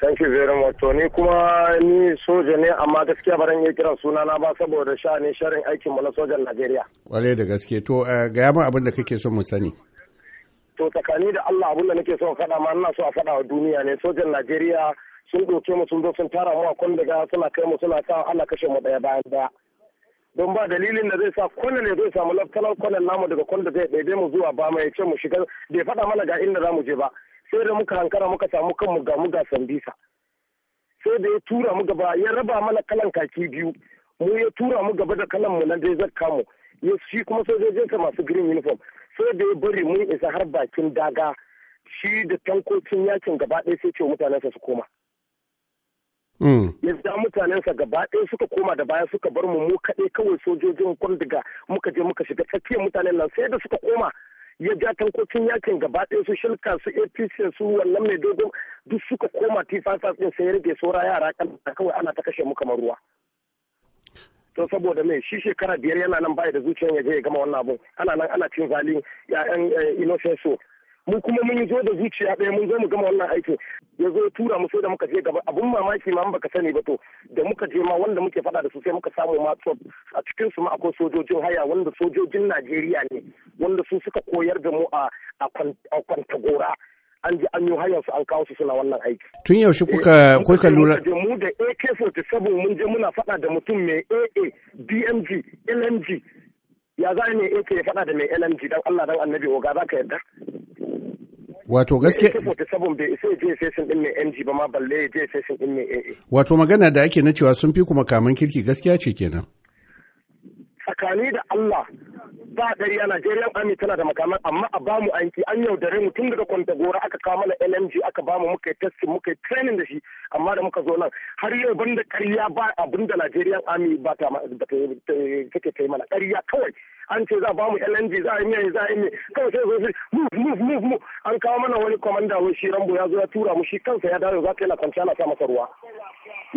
Thank you very much. To kuma ni soja ne amma gaskiya ba yi kiran suna na ba saboda sha'anin sharin aikin mu na sojan Najeriya. wale da gaske. To eh, gaya yamma abin da kake so mu sani. To tsakani da Allah abin da nake so faɗa ma ina so a faɗa wa duniya ne sojan Najeriya sun doke mu sun zo sun tara mu a daga suna kai mu suna sa Allah kashe mu daya bayan daya don ba dalilin da zai sa kwanan ne zai samu laftanar kwanan namu daga kwanda zai ɗaiɗe mu zuwa ba mai ce mu shiga bai faɗa mana ga inda za mu je ba sai da muka hankara muka samu kanmu ga muga sambisa sai da ya tura mu gaba ya raba mana kalan kaki biyu mu ya tura mu gaba da kalan mu na zakka mu ya shi kuma sojojinsa masu green uniform sai da ya bari mun isa har bakin daga shi da tankocin yakin gaba ɗaya sai ce mutanensa su koma. Hmm. ya mutanensa gaba ɗaya suka koma da baya suka bar mu mu kaɗai kawai sojojin kwandiga muka je muka shiga tsakiyar mutanen nan sai da suka koma ya ja tankocin yakin gaba ɗaya su shilka su apc su wannan mai dogon duk suka koma tifasa ɗin sai ya rage saura yara kan kawai ana ta kashe mu kamar ruwa to saboda mai shi shekara biyar yana nan baya da zuciyar ya je ya gama wannan abun ana nan ana cin zali ya'yan eh, inosenso mu kuma mun zo da zuciya ɗaya mun zo mu gama wannan aikin ya zo tura mu sai da muka je gaba abun mamaki ma baka sani ba to da muka je ma wanda muke faɗa da su sai muka samu ma a cikin su ma akwai sojojin haya wanda sojojin Najeriya ne wanda su suka koyar da mu a kwantagora an ji an yi hanyar su an kawo su suna wannan aiki. Tun yaushe kuka eh, kuka lura. Mu da AK-47 mun je muna faɗa da mutum mai AA, bmg LMG. Ya za ne AK ya faɗa da mai LMG don Allah don annabi oga za ka yarda. Wato gaske. AK-47 bai isa je session ɗin mai MG ba ma balle ya je session ɗin mai AA. Wato magana da ake na cewa sun fi kuma kamun kirki gaskiya ce kenan. Tsakani da Allah ba gari a Najeriya Army tana da makaman amma a bamu aiki an yaudare mu tun daga kwanta gora aka kawo mana LMG aka bamu muka yi testing muka yi training da shi amma da muka zo nan har yau banda ƙarya ba abin da Najeriya Army ba ta take ta yi mana ƙarya kawai an ce za mu LMG za a yi za a yi kawai sai zai move move move mu an kawo mana wani komanda wani shi Rambo ya zo ya tura mu shi kansa ya dawo za ka na kwanciya na sa masa ruwa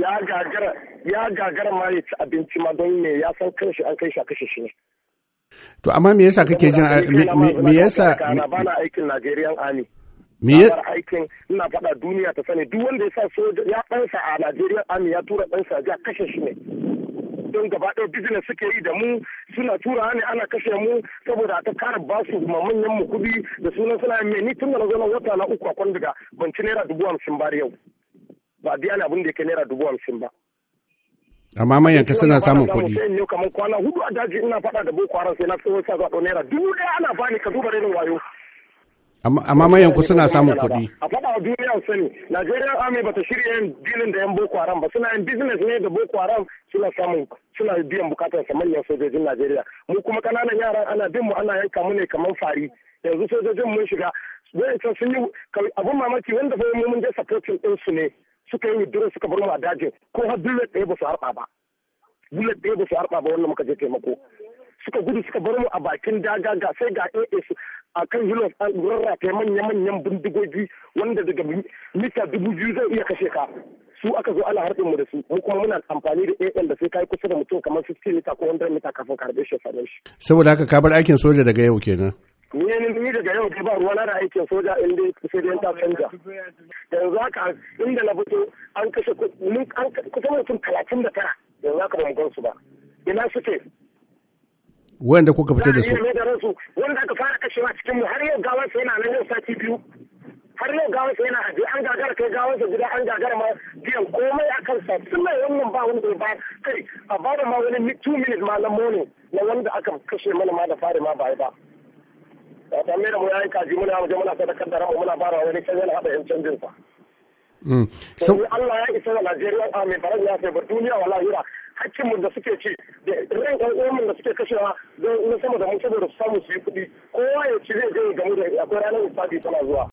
ya gagara ya gagara ma ya ci abinci ma don me ya san kanshi an kai shi a kashe shi ne To amma me yasa kake jin me yasa ba aikin Nigerian Army. Me yasa aikin ina faɗa duniya ta sani duk wanda ya sa soja ya ɗansa a Nigerian Army ya tura ɗansa ya kashe shi ne. Don gaba ɗaya business suke yi da mu suna tura ne ana kashe mu saboda ta kara ba su ma mu kuɗi da sunan suna me ni tun da na zo na wata na uku a kwandiga ban ci naira dubu hamsin ba yau. Ba biya ne abin da yake naira dubu hamsin ba. amma manyan ka suna samun kuɗi sai ne kamar kwana hudu a daji ina faɗa da boko haram sai na tsohon sa zaɓo naira dubu ɗaya ana bani ka duba wayo amma manyan ku suna samun kuɗi a faɗa wa duniya sani Najeriya army bata shirya yin dilin da yan boko haram ba suna yin business ne da boko haram suna samun suna biyan bukatar sa manyan sojojin Najeriya mu kuma kananan yara ana bin mu ana yanka mu ne kamar fari yanzu sojojin mun shiga wayancan sun yi abin mamaki wanda fa mun je supporting ɗinsu ne suka yi withdrawal suka bar mu a ko har bullet ɗaya ba su harba ba bullet ɗaya ba su harba ba wannan muka je taimako suka gudu suka bar mu a bakin daga ga sai ga su a kan hilos an rarrata manya-manyan bindigogi wanda daga mita dubu biyu zai iya kashe ka su aka zo ana harbin mu da su mu kuma muna amfani da AA da sai kai kusa da mutum kamar 50 mita ko 100 mita kafin ka shi same shi saboda haka ka bar aikin soja daga yau kenan ni ni daga yau ba ruwa na da aikin soja in dai sai dai ta canja yanzu haka inda na fito an kashe mun an kusan mutum talatin da tara yanzu haka ba mu gan su ba ina suke wanda kuka fitar da su wanda aka fara kashewa cikin mu har yau gawar sai na nan yau sati biyu har yau gawar sai na haje an gagara kai gawar sa gida an gagara ma biyan komai akan sa tun mai wannan ba wanda ba kai a ba da ma wani 2 minutes ma na morning na wanda aka kashe mana ma da fare ma ba ba sanne da mu yayin kaji muna waje muna sadakar da ramu muna fara wani canjin haɗa yan canjin sa. Mm. Sau Allah ya isa da Najeriya a mai faran ya sai ba duniya wala hakkin mu da suke ci da ran ɗan uwanmu da suke kashewa don na sama da mu saboda su samu su yi kuɗi kowa ya ci zai je ya gamu da akwai ranar isabi tana zuwa.